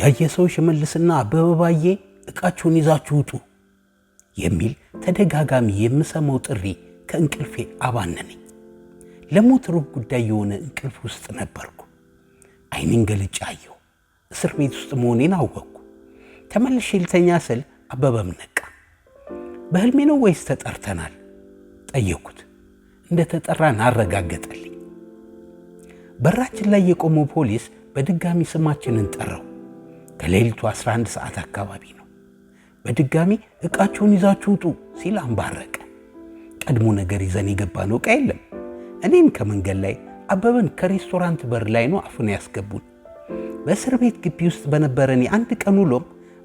ያየሰው ሽመልስና አበበባዬ እቃችሁን ይዛችሁ ውጡ የሚል ተደጋጋሚ የምሰማው ጥሪ ከእንቅልፌ አባነነኝ። ለሞት ሩብ ጉዳይ የሆነ እንቅልፍ ውስጥ ነበርኩ። አይኔን ገልጬ አየሁ። እስር ቤት ውስጥ መሆኔን አወቅኩ። ተመልሼ ልተኛ ስል አበበም ነቃ። በህልሜ ነው ወይስ ተጠርተናል? ጠየቅኩት። እንደ ተጠራን አረጋገጠልኝ። በራችን ላይ የቆመው ፖሊስ በድጋሚ ስማችንን ጠራው። ከሌሊቱ 11 ሰዓት አካባቢ ነው። በድጋሚ እቃቸውን ይዛችሁ ውጡ ሲል አንባረቀ። ቀድሞ ነገር ይዘን የገባ ነው የለም። እኔን ከመንገድ ላይ አበበን ከሬስቶራንት በር ላይ ነው አፉን ያስገቡን። በእስር ቤት ግቢ ውስጥ በነበረን የአንድ ቀን ውሎም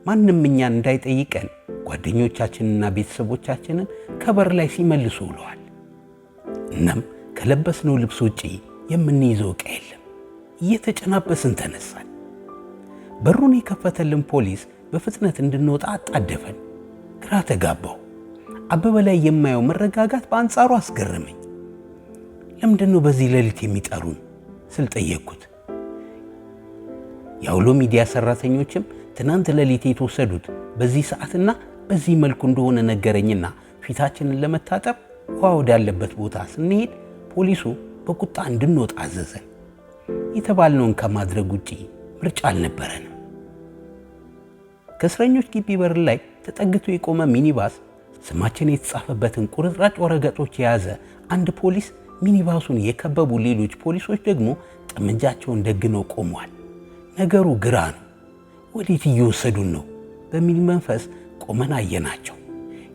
ማንም እኛን እንዳይጠይቀን ጓደኞቻችንና ቤተሰቦቻችንን ከበር ላይ ሲመልሱ ውለዋል። እናም ከለበስነው ልብስ ውጪ የምንይዘው እቃ የለም። እየተጨናበስን ተነሳል። በሩን የከፈተልን ፖሊስ በፍጥነት እንድንወጣ አጣደፈን። ግራ ተጋባው። አበበ ላይ የማየው መረጋጋት በአንጻሩ አስገረመኝ። ለምንድን ነው በዚህ ሌሊት የሚጠሩን ስል ጠየቅኩት። የአውሎ ሚዲያ ሰራተኞችም ትናንት ሌሊት የተወሰዱት በዚህ ሰዓትና በዚህ መልኩ እንደሆነ ነገረኝና ፊታችንን ለመታጠብ ውሃ ወዳለበት ቦታ ስንሄድ ፖሊሱ በቁጣ እንድንወጣ አዘዘን። የተባልነውን ከማድረግ ውጪ ምርጫ አልነበረንም። ከእስረኞች ግቢ በር ላይ ተጠግቶ የቆመ ሚኒባስ ስማችን የተጻፈበትን ቁርጥራጭ ወረቀቶች የያዘ አንድ ፖሊስ፣ ሚኒባሱን የከበቡ ሌሎች ፖሊሶች ደግሞ ጠመንጃቸውን ደግነው ቆመዋል። ነገሩ ግራ ነው። ወዴት እየወሰዱን ነው በሚል መንፈስ ቆመን አየናቸው።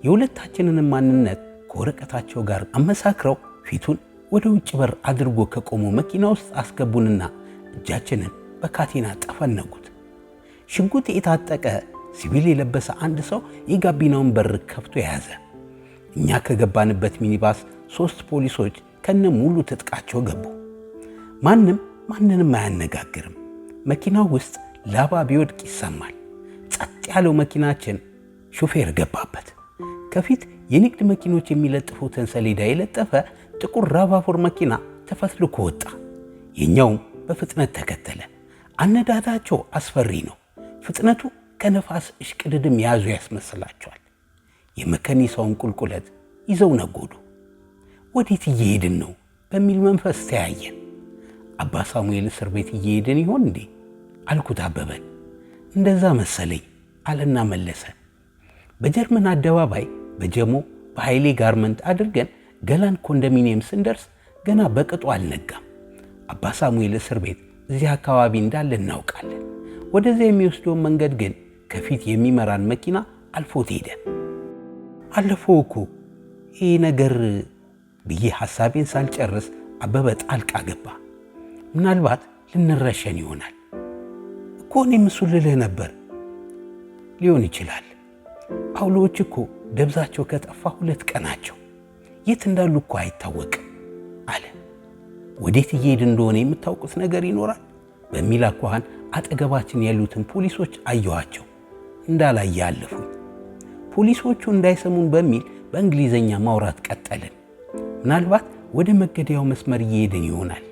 የሁለታችንንም ማንነት ከወረቀታቸው ጋር አመሳክረው ፊቱን ወደ ውጭ በር አድርጎ ከቆሙ መኪና ውስጥ አስገቡንና እጃችንን በካቴና ጠፈነጉት። ሽጉጥ የታጠቀ ሲቪል የለበሰ አንድ ሰው የጋቢናውን በር ከፍቶ የያዘ። እኛ ከገባንበት ሚኒባስ ሶስት ፖሊሶች ከነ ሙሉ ትጥቃቸው ገቡ። ማንም ማንንም አያነጋግርም። መኪናው ውስጥ ላባ ቢወድቅ ይሰማል። ጸጥ ያለው መኪናችን ሹፌር ገባበት። ከፊት የንግድ መኪኖች የሚለጥፉትን ሰሌዳ የለጠፈ ጥቁር ራቫፎር መኪና ተፈትልኮ ወጣ። የኛውም በፍጥነት ተከተለ። አነዳታቸው አስፈሪ ነው። ፍጥነቱ ከነፋስ እሽቅድድም ያዙ ያስመስላቸዋል። የመከኒሳውን ቁልቁለት ይዘው ነጎዱ። ወዴት እየሄድን ነው በሚል መንፈስ ተያየን። አባ ሳሙኤል እስር ቤት እየሄድን ይሆን እንዴ አልኩት አበበን። እንደዛ መሰለኝ አለና መለሰ። በጀርመን አደባባይ በጀሞ በኃይሌ ጋርመንት አድርገን ገላን ኮንዶሚኒየም ስንደርስ ገና በቅጡ አልነጋም። አባ ሳሙኤል እስር ቤት እዚህ አካባቢ እንዳለ እናውቃለን። ወደዚያ የሚወስደውን መንገድ ግን ከፊት የሚመራን መኪና አልፎት ሄደ። አለፈው እኮ ይህ ነገር ብዬ ሐሳቤን ሳልጨርስ አበበ ጣልቃ ገባ። ምናልባት ልንረሸን ይሆናል እኮ እኔ እሱን ልልህ ነበር። ሊሆን ይችላል። አውሎዎች እኮ ደብዛቸው ከጠፋ ሁለት ቀናቸው የት እንዳሉ እኮ አይታወቅም አለ። ወዴት እየሄድ እንደሆነ የምታውቁት ነገር ይኖራል በሚል አኳኋን አጠገባችን ያሉትን ፖሊሶች አየኋቸው። እንዳላየ ያለፉ ፖሊሶቹ እንዳይሰሙን በሚል በእንግሊዘኛ ማውራት ቀጠልን። ምናልባት ወደ መገደያው መስመር እየሄድን ይሆናል።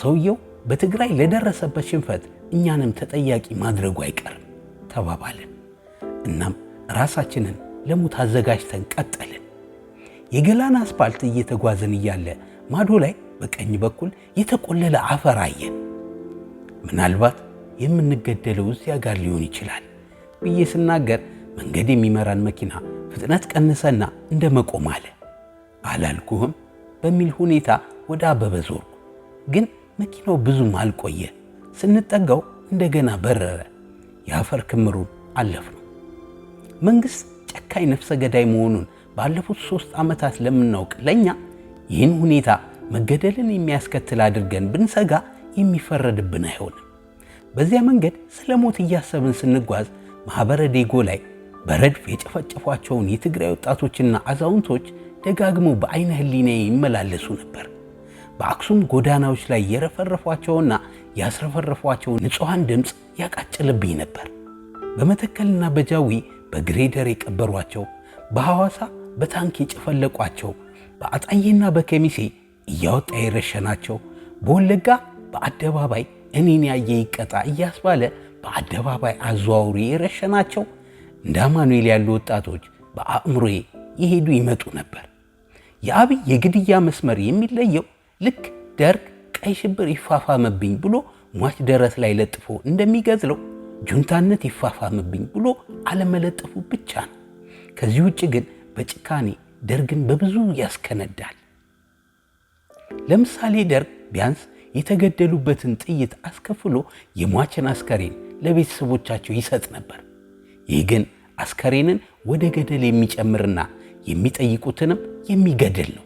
ሰውየው በትግራይ ለደረሰበት ሽንፈት እኛንም ተጠያቂ ማድረጉ አይቀርም ተባባልን። እናም ራሳችንን ለሞት አዘጋጅተን ቀጠልን። የገላን አስፓልት እየተጓዘን እያለ ማዶ ላይ በቀኝ በኩል የተቆለለ አፈር አየን። ምናልባት የምንገደለው እዚያ ጋር ሊሆን ይችላል ብዬ ስናገር መንገድ የሚመራን መኪና ፍጥነት ቀንሰና እንደ መቆም አለ። አላልኩህም በሚል ሁኔታ ወደ አበበ ዞርኩ። ግን መኪናው ብዙም አልቆየ። ስንጠጋው እንደገና በረረ። የአፈር ክምሩን አለፍነው። መንግሥት ጨካኝ ነፍሰ ገዳይ መሆኑን ባለፉት ሦስት ዓመታት ለምናውቅ ለእኛ ይህን ሁኔታ መገደልን የሚያስከትል አድርገን ብንሰጋ የሚፈረድብን አይሆንም። በዚያ መንገድ ስለ ሞት እያሰብን ስንጓዝ ማኅበረ ዴጎ ላይ በረድፍ የጨፈጨፏቸውን የትግራይ ወጣቶችና አዛውንቶች ደጋግሞ በአይነ ህሊናዬ ይመላለሱ ነበር። በአክሱም ጎዳናዎች ላይ የረፈረፏቸውና ያስረፈረፏቸው ንጹሐን ድምፅ ያቃጭልብኝ ነበር። በመተከልና በጃዊ በግሬደር የቀበሯቸው፣ በሐዋሳ በታንክ የጨፈለቋቸው፣ በአጣዬና በከሚሴ እያወጣ የረሸናቸው፣ በወለጋ በአደባባይ እኔን ያየ ይቀጣ እያስባለ በአደባባይ አዘዋውሪ የረሸናቸው እንደ አማኑኤል ያሉ ወጣቶች በአእምሮዬ ይሄዱ ይመጡ ነበር። የአብይ የግድያ መስመር የሚለየው ልክ ደርግ ቀይ ሽብር ይፋፋምብኝ ብሎ ሟች ደረት ላይ ለጥፎ እንደሚገዝለው ጁንታነት ይፋፋምብኝ ብሎ አለመለጠፉ ብቻ ነው። ከዚህ ውጭ ግን በጭካኔ ደርግን በብዙ ያስከነዳል። ለምሳሌ ደርግ ቢያንስ የተገደሉበትን ጥይት አስከፍሎ የሟችን አስከሬን ለቤተሰቦቻቸው ይሰጥ ነበር። ይህ ግን አስከሬንን ወደ ገደል የሚጨምርና የሚጠይቁትንም የሚገድል ነው።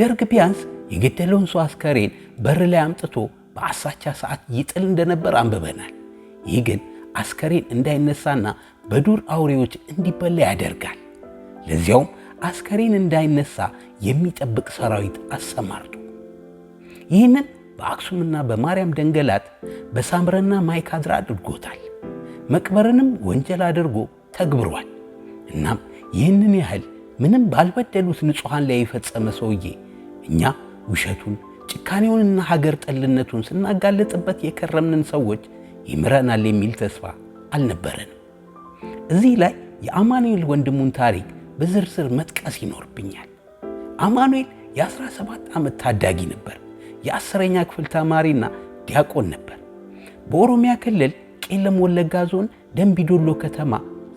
ደርግ ቢያንስ የገደለውን ሰው አስከሬን በር ላይ አምጥቶ በአሳቻ ሰዓት ይጥል እንደነበር አንብበናል። ይህ ግን አስከሬን እንዳይነሳና በዱር አውሬዎች እንዲበላ ያደርጋል። ለዚያውም አስከሬን እንዳይነሳ የሚጠብቅ ሰራዊት አሰማርቶ ይህንን በአክሱምና በማርያም ደንገላት በሳምረና ማይካድራ አድርጎታል። መቅበርንም ወንጀል አድርጎ ተግብሯል። እናም ይህንን ያህል ምንም ባልበደሉት ንጹሐን ላይ የፈጸመ ሰውዬ እኛ ውሸቱን ጭካኔውንና ሀገር ጠልነቱን ስናጋለጥበት የከረምንን ሰዎች ይምረናል የሚል ተስፋ አልነበረንም። እዚህ ላይ የአማኑኤል ወንድሙን ታሪክ በዝርዝር መጥቀስ ይኖርብኛል። አማኑኤል የ17 ዓመት ታዳጊ ነበር። የአስረኛ ክፍል ተማሪና ዲያቆን ነበር። በኦሮሚያ ክልል ቄለም ወለጋ ዞን ደንቢዶሎ ከተማ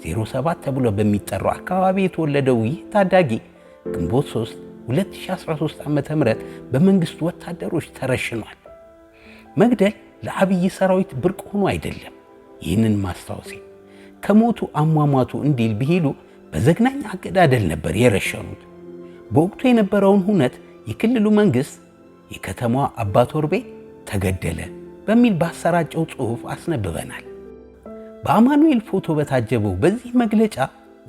07 ተብሎ በሚጠራው አካባቢ የተወለደው ይህ ታዳጊ ግንቦት 3 2013 ዓ ም በመንግሥት ወታደሮች ተረሽኗል። መግደል ለአብይ ሰራዊት ብርቅ ሆኖ አይደለም። ይህንን ማስታወሴ ከሞቱ አሟሟቱ እንዲል ብሂሉ በዘግናኝ አገዳደል ነበር የረሸኑት። በወቅቱ የነበረውን ሁነት የክልሉ መንግሥት የከተማዋ አባ ቶርቤ ተገደለ በሚል ባሰራጨው ጽሑፍ አስነብበናል። በአማኑኤል ፎቶ በታጀበው በዚህ መግለጫ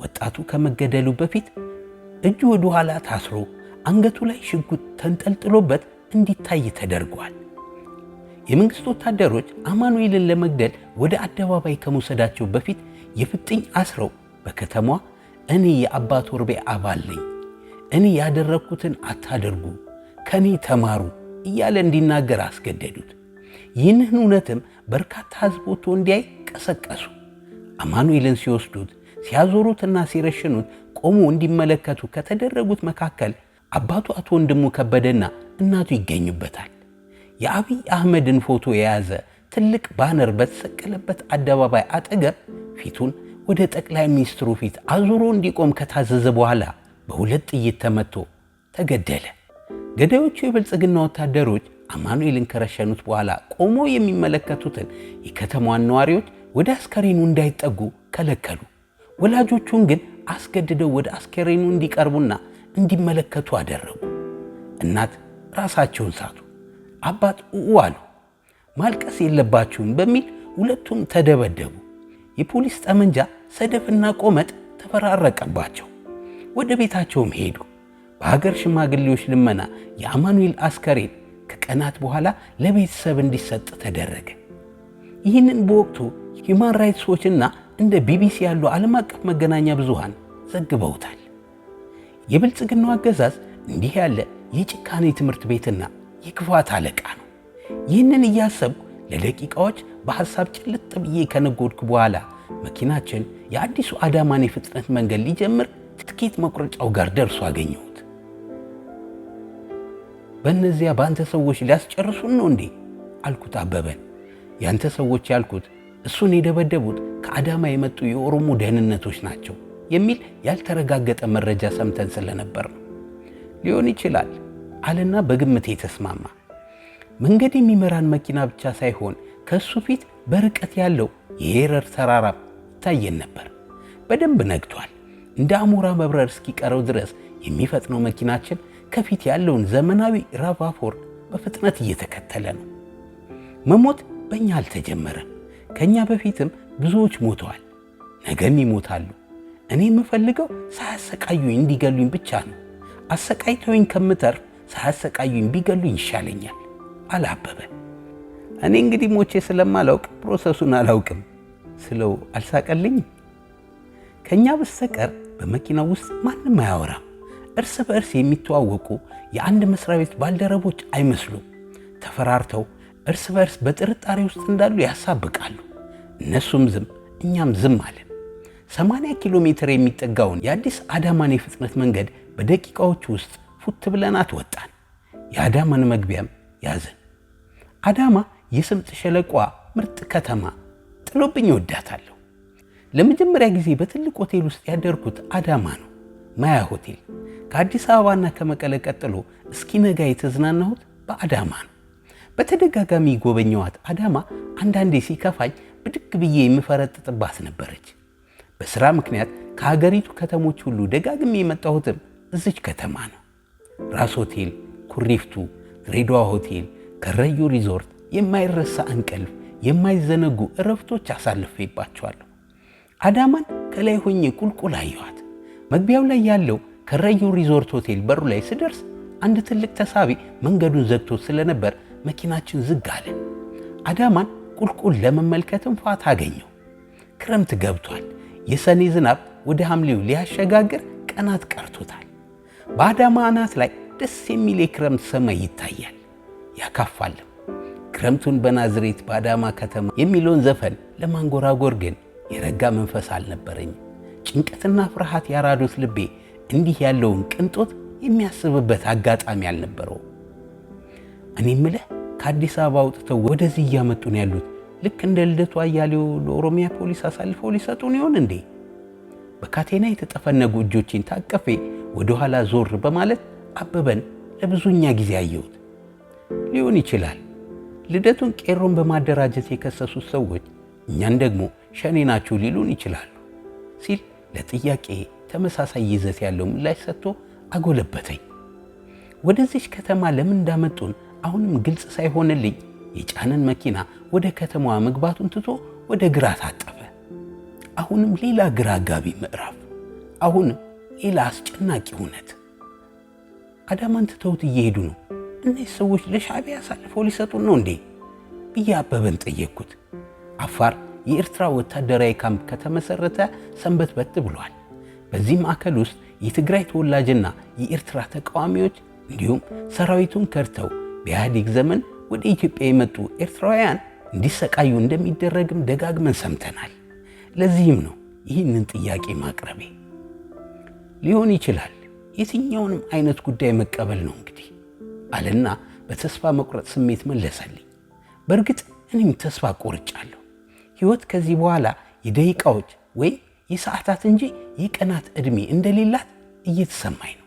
ወጣቱ ከመገደሉ በፊት እጁ ወደ ኋላ ታስሮ አንገቱ ላይ ሽጉጥ ተንጠልጥሎበት እንዲታይ ተደርጓል። የመንግሥት ወታደሮች አማኑኤልን ለመግደል ወደ አደባባይ ከመውሰዳቸው በፊት የፍጥኝ አስረው በከተማዋ እኔ የአባ ቶርቤ አባል ነኝ፣ እኔ ያደረግኩትን አታደርጉ ከኔ ተማሩ እያለ እንዲናገር አስገደዱት። ይህንን እውነትም በርካታ ሕዝብ እንዲያይ ቀሰቀሱ። አማኑኤልን ሲወስዱት ሲያዞሩትና ሲረሽኑት ቆሞ እንዲመለከቱ ከተደረጉት መካከል አባቱ አቶ ወንድሙ ከበደና እናቱ ይገኙበታል። የአብይ አህመድን ፎቶ የያዘ ትልቅ ባነር በተሰቀለበት አደባባይ አጠገብ ፊቱን ወደ ጠቅላይ ሚኒስትሩ ፊት አዙሮ እንዲቆም ከታዘዘ በኋላ በሁለት ጥይት ተመቶ ተገደለ። ገዳዮቹ የብልጽግና ወታደሮች አማኑኤልን ከረሸኑት በኋላ ቆሞ የሚመለከቱትን የከተማዋን ነዋሪዎች ወደ አስከሬኑ እንዳይጠጉ ከለከሉ። ወላጆቹን ግን አስገድደው ወደ አስከሬኑ እንዲቀርቡና እንዲመለከቱ አደረጉ። እናት ራሳቸውን ሳቱ፣ አባት ኡ አሉ። ማልቀስ የለባችሁም በሚል ሁለቱም ተደበደቡ። የፖሊስ ጠመንጃ፣ ሰደፍና ቆመጥ ተፈራረቀባቸው። ወደ ቤታቸውም ሄዱ። በሀገር ሽማግሌዎች ልመና የአማኑኤል አስከሬን ከቀናት በኋላ ለቤተሰብ እንዲሰጥ ተደረገ። ይህንን በወቅቱ ሂማን ራይትስ ዎችና እንደ ቢቢሲ ያሉ ዓለም አቀፍ መገናኛ ብዙሃን ዘግበውታል። የብልጽግናው አገዛዝ እንዲህ ያለ የጭካኔ ትምህርት ቤትና የክፋት አለቃ ነው። ይህንን እያሰብኩ ለደቂቃዎች በሐሳብ ጭልጥ ብዬ ከነጎድኩ በኋላ መኪናችን የአዲሱ አዳማን የፍጥነት መንገድ ሊጀምር ትኬት መቁረጫው ጋር ደርሶ አገኘው። በእነዚያ በአንተ ሰዎች ሊያስጨርሱን ነው እንዴ አልኩት አበበን። ያንተ ሰዎች ያልኩት እሱን የደበደቡት ከአዳማ የመጡ የኦሮሞ ደህንነቶች ናቸው የሚል ያልተረጋገጠ መረጃ ሰምተን ስለነበር ነው። ሊሆን ይችላል አለና በግምት የተስማማ። መንገድ የሚመራን መኪና ብቻ ሳይሆን ከእሱ ፊት በርቀት ያለው የሄረር ተራራ ይታየን ነበር። በደንብ ነግቷል። እንደ አሞራ መብረር እስኪቀረው ድረስ የሚፈጥነው መኪናችን ከፊት ያለውን ዘመናዊ ራቫፎርድ በፍጥነት እየተከተለ ነው። መሞት በእኛ አልተጀመረም። ከእኛ በፊትም ብዙዎች ሞተዋል፣ ነገም ይሞታሉ። እኔ የምፈልገው ሳያሰቃዩኝ እንዲገሉኝ ብቻ ነው። አሰቃይተውኝ ከምተርፍ ሳያሰቃዩኝ ቢገሉኝ ይሻለኛል አለ አበበ። እኔ እንግዲህ ሞቼ ስለማላውቅ ፕሮሰሱን አላውቅም ስለው አልሳቀልኝም። ከእኛ በስተቀር በመኪናው ውስጥ ማንም አያወራም። እርስ በእርስ የሚተዋወቁ የአንድ መስሪያ ቤት ባልደረቦች አይመስሉም። ተፈራርተው እርስ በእርስ በጥርጣሬ ውስጥ እንዳሉ ያሳብቃሉ። እነሱም ዝም እኛም ዝም አለን። 80 ኪሎ ሜትር የሚጠጋውን የአዲስ አዳማን የፍጥነት መንገድ በደቂቃዎች ውስጥ ፉት ብለናት ወጣን። የአዳማን መግቢያም ያዘን። አዳማ የስምጥ ሸለቋ ምርጥ ከተማ ጥሎብኝ ወዳታለሁ። ለመጀመሪያ ጊዜ በትልቅ ሆቴል ውስጥ ያደርኩት አዳማ ነው። ማያ ሆቴል ከአዲስ አበባና ከመቀለ ቀጥሎ እስኪነጋ የተዝናናሁት በአዳማ ነው። በተደጋጋሚ ጎበኘዋት አዳማ አንዳንዴ ሲከፋኝ ብድግ ብዬ የምፈረጥጥባት ነበረች። በሥራ ምክንያት ከሀገሪቱ ከተሞች ሁሉ ደጋግሜ የመጣሁትም እዚች ከተማ ነው። ራስ ሆቴል፣ ኩሪፍቱ፣ ድሬዳዋ ሆቴል፣ ከረዩ ሪዞርት የማይረሳ እንቅልፍ፣ የማይዘነጉ እረፍቶች አሳልፌባቸዋለሁ። አዳማን ከላይ ሆኜ ቁልቁል አየኋት። መግቢያው ላይ ያለው ከረዩ ሪዞርት ሆቴል በሩ ላይ ስደርስ አንድ ትልቅ ተሳቢ መንገዱን ዘግቶ ስለነበር መኪናችን ዝግ አለ። አዳማን ቁልቁል ለመመልከትም ፋታ አገኘው። ክረምት ገብቷል። የሰኔ ዝናብ ወደ ሐምሌው ሊያሸጋግር ቀናት ቀርቶታል። በአዳማ አናት ላይ ደስ የሚል የክረምት ሰማይ ይታያል፣ ያካፋልም። ክረምቱን በናዝሬት በአዳማ ከተማ የሚለውን ዘፈን ለማንጎራጎር ግን የረጋ መንፈስ አልነበረኝም። ጭንቀትና ፍርሃት ያራዱት ልቤ እንዲህ ያለውን ቅንጦት የሚያስብበት አጋጣሚ አልነበረው። እኔ ምልህ ከአዲስ አበባ አውጥተው ወደዚህ እያመጡን ያሉት ልክ እንደ ልደቱ አያሌው ለኦሮሚያ ፖሊስ አሳልፈው ሊሰጡን ይሆን እንዴ? በካቴና የተጠፈነጉ እጆቼን ታቀፌ ወደ ኋላ ዞር በማለት አበበን ለብዙኛ ጊዜ አየሁት። ሊሆን ይችላል ልደቱን ቄሮን በማደራጀት የከሰሱት ሰዎች እኛን ደግሞ ሸኔ ናችሁ ሊሉን ይችላሉ ሲል ለጥያቄ ተመሳሳይ ይዘት ያለው ምላሽ ሰጥቶ አጎለበተኝ። ወደዚች ከተማ ለምን እንዳመጡን አሁንም ግልጽ ሳይሆንልኝ የጫነን መኪና ወደ ከተማዋ መግባቱን ትቶ ወደ ግራ ታጠፈ። አሁንም ሌላ ግራ አጋቢ ምዕራፍ፣ አሁንም ሌላ አስጨናቂ እውነት። አዳማን ትተውት እየሄዱ ነው። እነዚህ ሰዎች ለሻዕቢያ አሳልፈው ሊሰጡን ነው እንዴ ብዬ አበበን ጠየቅኩት። አፋር የኤርትራ ወታደራዊ ካምፕ ከተመሰረተ ሰንበት በት ብሏል። በዚህ ማዕከል ውስጥ የትግራይ ተወላጅና የኤርትራ ተቃዋሚዎች እንዲሁም ሰራዊቱን ከድተው በኢህአዴግ ዘመን ወደ ኢትዮጵያ የመጡ ኤርትራውያን እንዲሰቃዩ እንደሚደረግም ደጋግመን ሰምተናል። ለዚህም ነው ይህንን ጥያቄ ማቅረቤ። ሊሆን ይችላል የትኛውንም አይነት ጉዳይ መቀበል ነው እንግዲህ አለና በተስፋ መቁረጥ ስሜት መለሰልኝ። በእርግጥ እኔም ተስፋ ቆርጫለሁ። ሕይወት ከዚህ በኋላ የደቂቃዎች ወይም የሰዓታት እንጂ የቀናት ዕድሜ እንደሌላት እየተሰማኝ ነው።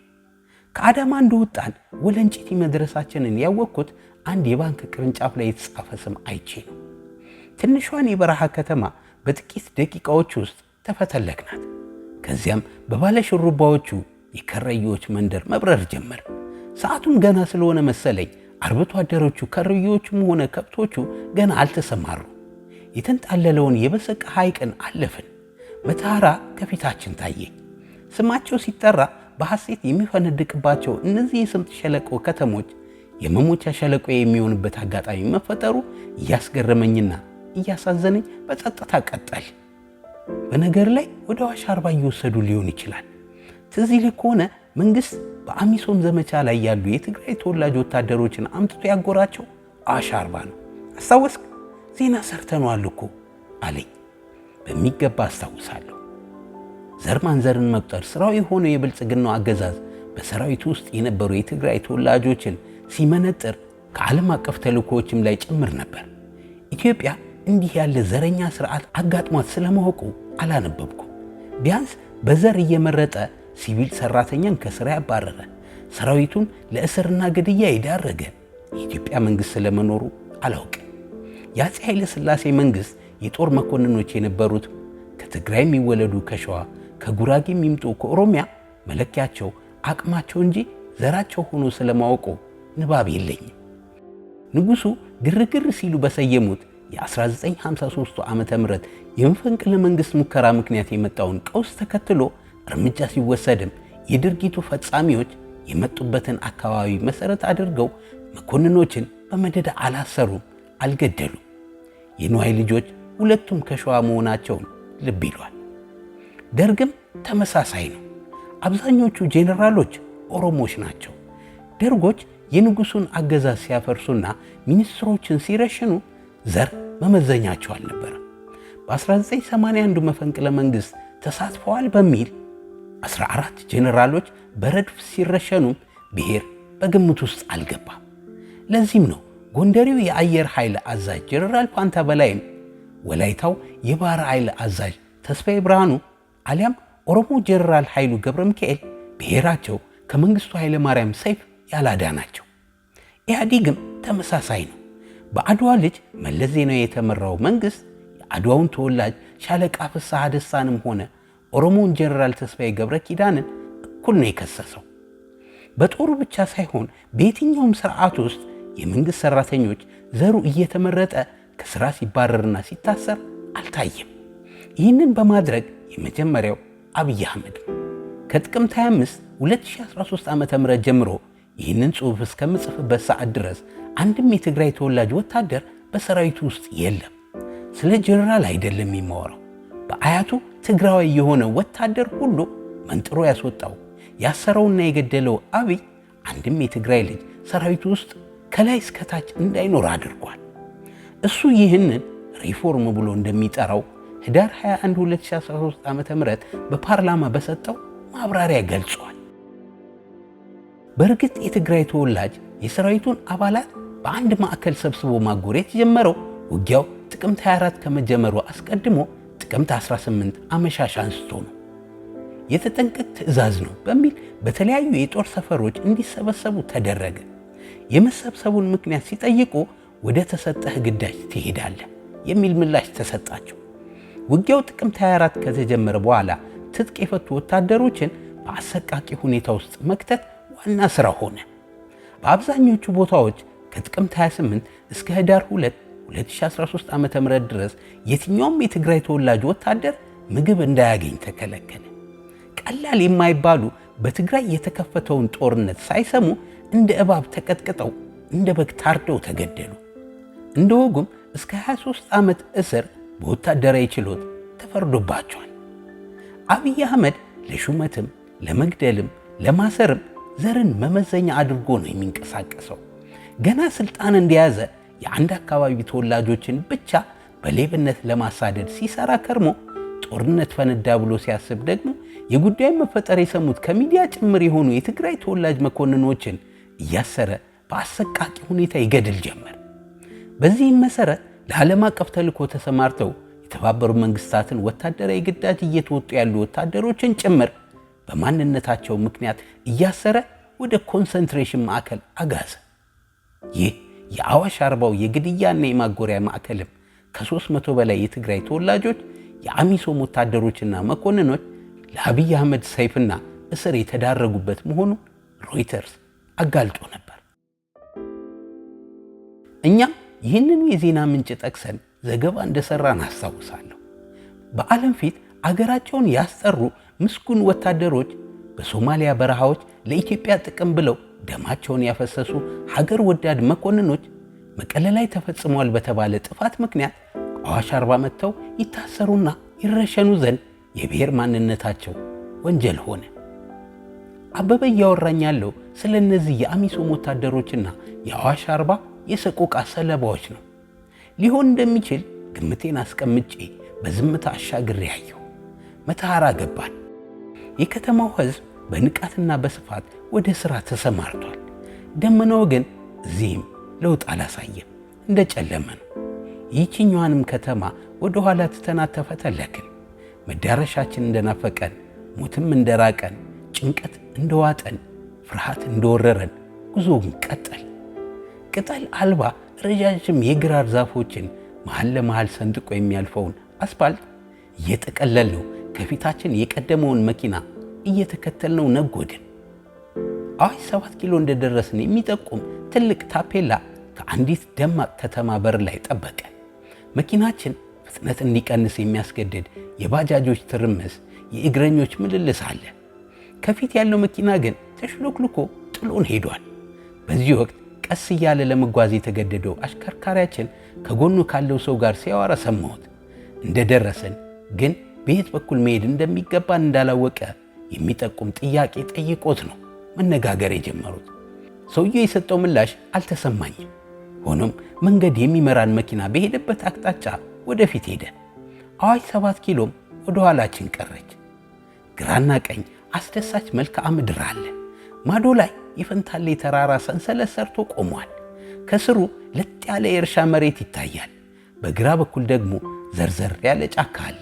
ከአዳማ እንደወጣን ወለንጭቲ መድረሳችንን ያወቅኩት አንድ የባንክ ቅርንጫፍ ላይ የተጻፈ ስም አይቼ ነው። ትንሿን የበረሃ ከተማ በጥቂት ደቂቃዎች ውስጥ ተፈተለግናት። ከዚያም በባለ ሽሩባዎቹ የከረዮች መንደር መብረር ጀመር። ሰዓቱም ገና ስለሆነ መሰለኝ አርብቶ አደሮቹ ከረዮቹም ሆነ ከብቶቹ ገና አልተሰማሩ። የተንጣለለውን የበሰቀ ሐይቅን አለፍን። በታራ ከፊታችን ታየ። ስማቸው ሲጠራ በሐሴት የሚፈነድቅባቸው እነዚህ የስምጥ ሸለቆ ከተሞች የመሞቻ ሸለቆ የሚሆንበት አጋጣሚ መፈጠሩ እያስገረመኝና እያሳዘነኝ በጸጥታ ቀጠል። በነገር ላይ ወደ አዋሽ አርባ እየወሰዱ ሊሆን ይችላል። ትዝ ይልህ ከሆነ መንግሥት በአሚሶም ዘመቻ ላይ ያሉ የትግራይ ተወላጅ ወታደሮችን አምጥቶ ያጎራቸው አሻ አርባ ነው። አስታወስክ? ዜና ሰርተነዋል እኮ አለኝ። በሚገባ አስታውሳለሁ። ዘር ማንዘርን መቁጠር ስራው የሆነው የብልጽግናው አገዛዝ በሰራዊቱ ውስጥ የነበሩ የትግራይ ተወላጆችን ሲመነጥር ከዓለም አቀፍ ተልእኮዎችም ላይ ጭምር ነበር። ኢትዮጵያ እንዲህ ያለ ዘረኛ ስርዓት አጋጥሟት ስለማወቁ አላነበብኩም። ቢያንስ በዘር እየመረጠ ሲቪል ሰራተኛን ከስራ ያባረረ፣ ሰራዊቱን ለእስርና ግድያ የዳረገ የኢትዮጵያ መንግሥት ስለመኖሩ አላውቅም። የአፄ ኃይለ ሥላሴ መንግሥት የጦር መኮንኖች የነበሩት ከትግራይ የሚወለዱ ከሸዋ ከጉራጌ የሚምጡ ከኦሮሚያ መለኪያቸው አቅማቸው እንጂ ዘራቸው ሆኖ ስለማወቁ ንባብ የለኝም። ንጉሡ ግርግር ሲሉ በሰየሙት የ1953 ዓ ም የመፈንቅለ መንግሥት ሙከራ ምክንያት የመጣውን ቀውስ ተከትሎ እርምጃ ሲወሰድም የድርጊቱ ፈጻሚዎች የመጡበትን አካባቢ መሠረት አድርገው መኮንኖችን በመደዳ አላሰሩም፣ አልገደሉም። የንዋይ ልጆች ሁለቱም ከሸዋ መሆናቸውን ልብ ይሏል። ደርግም ተመሳሳይ ነው። አብዛኞቹ ጄኔራሎች ኦሮሞች ናቸው። ደርጎች የንጉሱን አገዛዝ ሲያፈርሱና ሚኒስትሮችን ሲረሽኑ ዘር መመዘኛቸው አልነበረም በ በ1981 መፈንቅለ መንግሥት ተሳትፈዋል በሚል 14 ጄኔራሎች በረድፍ ሲረሸኑም ብሔር በግምት ውስጥ አልገባም። ለዚህም ነው ጎንደሬው የአየር ኃይል አዛዥ ጄኔራል ፓንታ በላይም ወላይታው የባህር ኃይል አዛዥ ተስፋዬ ብርሃኑ አሊያም ኦሮሞ ጀነራል ኃይሉ ገብረ ሚካኤል ብሔራቸው ከመንግሥቱ ማርያም ሰይፍ ያላዳ ናቸው። ኢህአዲግም ተመሳሳይ ነው። በአድዋ ልጅ መለስ ዜናዊ የተመራው መንግሥት የአድዋውን ተወላጅ ሻለቃ ፍስሐ ደስታንም ሆነ ኦሮሞውን ጀነራል ተስፋዬ ገብረ ኪዳንን እኩል ነው የከሰሰው። በጦሩ ብቻ ሳይሆን በየትኛውም ስርዓት ውስጥ የመንግሥት ሠራተኞች ዘሩ እየተመረጠ ከስራ ሲባረርና ሲታሰር አልታየም። ይህንን በማድረግ የመጀመሪያው አብይ አህመድ ነው። ከጥቅምት 25 2013 ዓ ም ጀምሮ ይህንን ጽሑፍ እስከምጽፍበት ሰዓት ድረስ አንድም የትግራይ ተወላጅ ወታደር በሰራዊቱ ውስጥ የለም። ስለ ጀኔራል አይደለም የሚማወራው። በአያቱ ትግራዊ የሆነ ወታደር ሁሉ መንጥሮ ያስወጣው ያሰረውና የገደለው አብይ አንድም የትግራይ ልጅ ሰራዊቱ ውስጥ ከላይ እስከታች እንዳይኖር አድርጓል። እሱ ይህንን ሪፎርም ብሎ እንደሚጠራው ህዳር 21 2013 ዓ ም በፓርላማ በሰጠው ማብራሪያ ገልጿል። በእርግጥ የትግራይ ተወላጅ የሰራዊቱን አባላት በአንድ ማዕከል ሰብስቦ ማጎር የተጀመረው ውጊያው ጥቅምት 24 ከመጀመሩ አስቀድሞ ጥቅምት 18 አመሻሽ አንስቶ ነው። የተጠንቀቅ ትዕዛዝ ነው በሚል በተለያዩ የጦር ሰፈሮች እንዲሰበሰቡ ተደረገ። የመሰብሰቡን ምክንያት ሲጠይቁ ወደ ተሰጠህ ግዳጅ ትሄዳለህ የሚል ምላሽ ተሰጣቸው። ውጊያው ጥቅምት 24 ከተጀመረ በኋላ ትጥቅ የፈቱ ወታደሮችን በአሰቃቂ ሁኔታ ውስጥ መክተት ዋና ሥራ ሆነ። በአብዛኞቹ ቦታዎች ከጥቅምት 28 እስከ ህዳር 2 2013 ዓ ም ድረስ የትኛውም የትግራይ ተወላጅ ወታደር ምግብ እንዳያገኝ ተከለከለ። ቀላል የማይባሉ በትግራይ የተከፈተውን ጦርነት ሳይሰሙ እንደ እባብ ተቀጥቅጠው እንደ በግ ታርደው ተገደሉ። እንደ ወጉም እስከ 23 ዓመት እስር በወታደራዊ ችሎት ተፈርዶባቸዋል። አብይ አህመድ ለሹመትም ለመግደልም ለማሰርም ዘርን መመዘኛ አድርጎ ነው የሚንቀሳቀሰው። ገና ስልጣን እንደያዘ የአንድ አካባቢ ተወላጆችን ብቻ በሌብነት ለማሳደድ ሲሰራ ከርሞ ጦርነት ፈነዳ ብሎ ሲያስብ ደግሞ የጉዳዩን መፈጠር የሰሙት ከሚዲያ ጭምር የሆኑ የትግራይ ተወላጅ መኮንኖችን እያሰረ በአሰቃቂ ሁኔታ ይገድል ጀመር። በዚህም መሰረት ለዓለም አቀፍ ተልእኮ ተሰማርተው የተባበሩ መንግስታትን ወታደራዊ ግዳጅ እየተወጡ ያሉ ወታደሮችን ጭምር በማንነታቸው ምክንያት እያሰረ ወደ ኮንሰንትሬሽን ማዕከል አጋዘ። ይህ የአዋሽ አርባው የግድያና የማጎሪያ ማዕከልም ከ300 በላይ የትግራይ ተወላጆች የአሚሶም ወታደሮችና መኮንኖች ለአብይ አህመድ ሰይፍና እስር የተዳረጉበት መሆኑን ሮይተርስ አጋልጦ ነበር። እኛም ይህንኑ የዜና ምንጭ ጠቅሰን ዘገባ እንደሰራን አስታውሳለሁ። በዓለም ፊት አገራቸውን ያስጠሩ ምስጉን ወታደሮች በሶማሊያ በረሃዎች ለኢትዮጵያ ጥቅም ብለው ደማቸውን ያፈሰሱ ሀገር ወዳድ መኮንኖች መቀለ ላይ ተፈጽሟል በተባለ ጥፋት ምክንያት አዋሽ አርባ መጥተው ይታሰሩና ይረሸኑ ዘንድ የብሔር ማንነታቸው ወንጀል ሆነ። አበበ እያወራኝ ያለው ስለ እነዚህ የአሚሶም ወታደሮችና የአዋሽ አርባ የሰቆቃ ሰለባዎች ነው። ሊሆን እንደሚችል ግምቴን አስቀምጬ በዝምታ አሻግሬ ያየሁ። መተሐራ ገባን። የከተማው ሕዝብ በንቃትና በስፋት ወደ ሥራ ተሰማርቷል። ደመናው ግን እዚህም ለውጥ አላሳየም፣ እንደ ጨለመ ነው። ይህችኛዋንም ከተማ ወደ ኋላ ትተናት ተፈተለክን። መዳረሻችን እንደናፈቀን፣ ሞትም እንደራቀን፣ ጭንቀት እንደዋጠን፣ ፍርሃት እንደወረረን ጉዞውን ቀጠል ቅጠል አልባ ረዣዥም የግራር ዛፎችን መሃል ለመሃል ሰንጥቆ የሚያልፈውን አስፋልት እየጠቀለልነው ነው። ከፊታችን የቀደመውን መኪና እየተከተል ነው ነጎድን። አዋሽ ሰባት ኪሎ እንደደረስን የሚጠቁም ትልቅ ታፔላ ከአንዲት ደማቅ ከተማ በር ላይ ጠበቀ። መኪናችን ፍጥነት እንዲቀንስ የሚያስገድድ የባጃጆች ትርምስ፣ የእግረኞች ምልልስ አለ። ከፊት ያለው መኪና ግን ተሽሎክልኮ ጥሎን ሄዷል። በዚህ ወቅት ቀስ እያለ ለመጓዝ የተገደደው አሽከርካሪያችን ከጎኑ ካለው ሰው ጋር ሲያወራ ሰማሁት። እንደደረሰን ግን በየት በኩል መሄድ እንደሚገባን እንዳላወቀ የሚጠቁም ጥያቄ ጠይቆት ነው መነጋገር የጀመሩት። ሰውየው የሰጠው ምላሽ አልተሰማኝም። ሆኖም መንገድ የሚመራን መኪና በሄደበት አቅጣጫ ወደፊት ሄደ። አዋጅ ሰባት ኪሎም ወደ ኋላችን ቀረች። ግራና ቀኝ አስደሳች መልክዓ ምድር አለ። ማዶ ላይ የፈንታሌ ተራራ ሰንሰለት ሰርቶ ቆሟል። ከስሩ ለጥ ያለ የእርሻ መሬት ይታያል። በግራ በኩል ደግሞ ዘርዘር ያለ ጫካ አለ።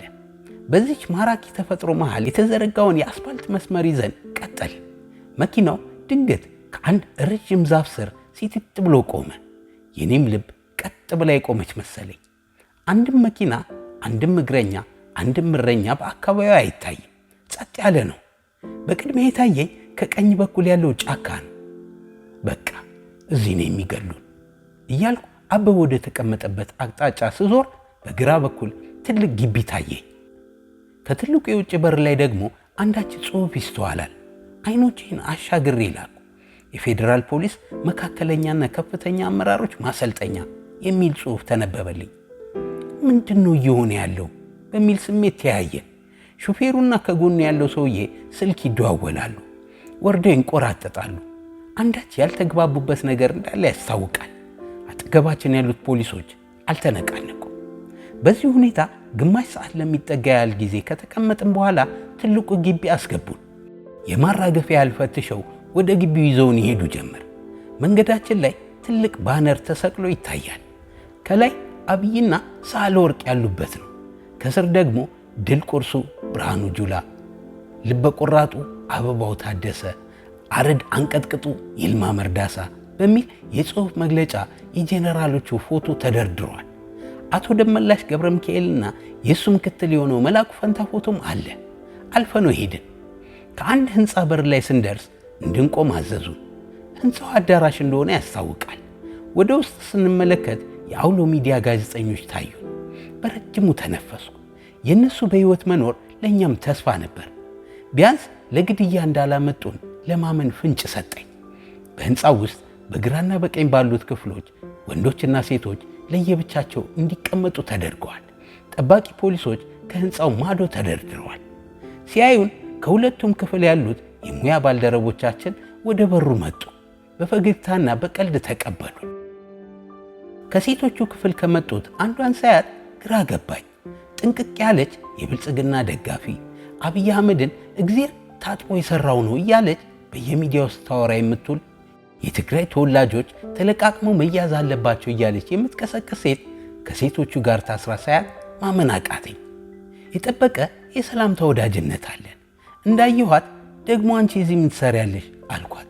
በዚች ማራኪ ተፈጥሮ መሃል የተዘረጋውን የአስፋልት መስመር ይዘን ቀጠል። መኪናው ድንገት ከአንድ ረዥም ዛፍ ስር ሲትጥ ብሎ ቆመ። የኔም ልብ ቀጥ ብላ የቆመች መሰለኝ። አንድም መኪና፣ አንድም እግረኛ፣ አንድም እረኛ በአካባቢው አይታይም። ጸጥ ያለ ነው። በቅድሚያ የታየኝ ከቀኝ በኩል ያለው ጫካ ነው። በቃ እዚህ ነው የሚገሉን እያልኩ አበበ ወደ ተቀመጠበት አቅጣጫ ስዞር በግራ በኩል ትልቅ ግቢ ታየኝ። ከትልቁ የውጭ በር ላይ ደግሞ አንዳች ጽሑፍ ይስተዋላል። አይኖችን አሻግሬ ይላል። የፌዴራል ፖሊስ መካከለኛና ከፍተኛ አመራሮች ማሰልጠኛ የሚል ጽሑፍ ተነበበልኝ። ምንድን ነው እየሆነ ያለው በሚል ስሜት ተያየ። ሹፌሩና ከጎኑ ያለው ሰውዬ ስልክ ይደዋወላሉ። ወርደው ይንቆራጠጣሉ። አንዳች ያልተግባቡበት ነገር እንዳለ ያስታውቃል። አጠገባችን ያሉት ፖሊሶች አልተነቃነቁም። በዚህ ሁኔታ ግማሽ ሰዓት ለሚጠጋ ያህል ጊዜ ከተቀመጥን በኋላ ትልቁ ግቢ አስገቡን። የማራገፊያ ያህል ፈትሸው ወደ ግቢው ይዘውን ይሄዱ ጀመር። መንገዳችን ላይ ትልቅ ባነር ተሰቅሎ ይታያል። ከላይ አብይና ወርቅ ያሉበት ነው። ከስር ደግሞ ድል ቁርሱ ብርሃኑ ጁላ ልበቆራጡ አበባው ታደሰ፣ አረድ አንቀጥቅጡ ይልማ መርዳሳ በሚል የጽሑፍ መግለጫ የጄኔራሎቹ ፎቶ ተደርድሯል። አቶ ደመላሽ ገብረ ሚካኤልና የእሱ ምክትል የሆነው መላኩ ፈንታ ፎቶም አለ። አልፈነው ሄድን። ከአንድ ህንፃ በር ላይ ስንደርስ እንድንቆም አዘዙ። ሕንፃው አዳራሽ እንደሆነ ያስታውቃል። ወደ ውስጥ ስንመለከት የአውሎ ሚዲያ ጋዜጠኞች ታዩ። በረጅሙ ተነፈስኩ። የእነሱ በሕይወት መኖር ለእኛም ተስፋ ነበር። ቢያንስ ለግድያ እንዳላመጡን ለማመን ፍንጭ ሰጠኝ። በሕንፃው ውስጥ በግራና በቀኝ ባሉት ክፍሎች ወንዶችና ሴቶች ለየብቻቸው እንዲቀመጡ ተደርገዋል። ጠባቂ ፖሊሶች ከሕንፃው ማዶ ተደርድረዋል። ሲያዩን ከሁለቱም ክፍል ያሉት የሙያ ባልደረቦቻችን ወደ በሩ መጡ። በፈገግታና በቀልድ ተቀበሉ። ከሴቶቹ ክፍል ከመጡት አንዷን ሳያት ግራ ገባኝ። ጥንቅቅ ያለች የብልጽግና ደጋፊ አብይ አህመድን እግዜር ታጥቦ የሰራው ነው እያለች በየሚዲያው ስታወራ የምትውል የትግራይ ተወላጆች ተለቃቅመው መያዝ አለባቸው እያለች የምትቀሰቅስ ሴት ከሴቶቹ ጋር ታስራ ሳያት ማመን አቃተኝ። የጠበቀ የሰላም ተወዳጅነት አለን። እንዳየኋት ደግሞ አንቺ እዚህ ምን አልኳት።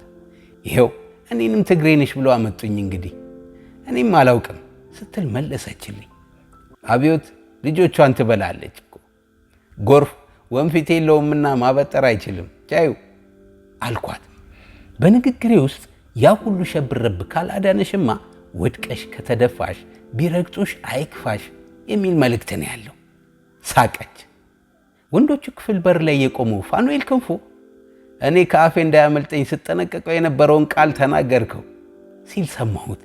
ይኸው እኔንም ትግሬ ነሽ ብሎ አመጡኝ። እንግዲህ እኔም አላውቅም ስትል መለሰችልኝ። አብዮት ልጆቿን ትበላለች ጎርፍ ወንፊት የለውምና ማበጠር አይችልም ቻዩ አልኳት። በንግግሬ ውስጥ ያ ሁሉ ሸብረብ ካላዳነሽማ ወድቀሽ ከተደፋሽ ቢረግጦሽ አይክፋሽ የሚል መልእክት ነው ያለው። ሳቀች። ወንዶቹ ክፍል በር ላይ የቆመው ፋኑኤል ክንፎ እኔ ከአፌ እንዳያመልጠኝ ስጠነቀቀው የነበረውን ቃል ተናገርከው ሲል ሰማሁት።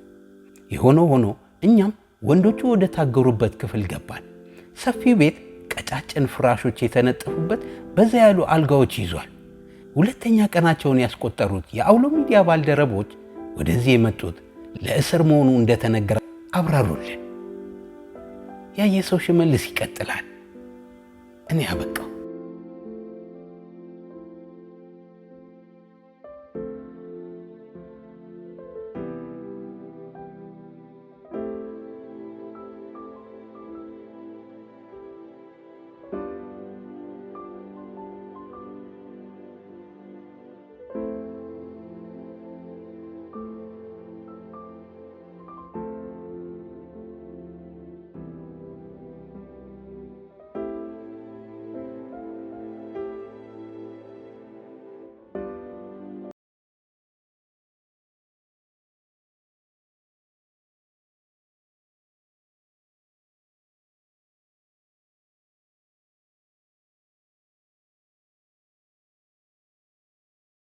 የሆነ ሆኖ እኛም ወንዶቹ ወደ ታገሩበት ክፍል ገባን። ሰፊው ቤት ቀጫጭን ፍራሾች የተነጠፉበት በዛ ያሉ አልጋዎች ይዟል። ሁለተኛ ቀናቸውን ያስቆጠሩት የአውሎ ሚዲያ ባልደረቦች ወደዚህ የመጡት ለእስር መሆኑ እንደተነገረ አብራሩልን። ያየሰው ሽመልስ ይቀጥላል። እኔ አበቃው።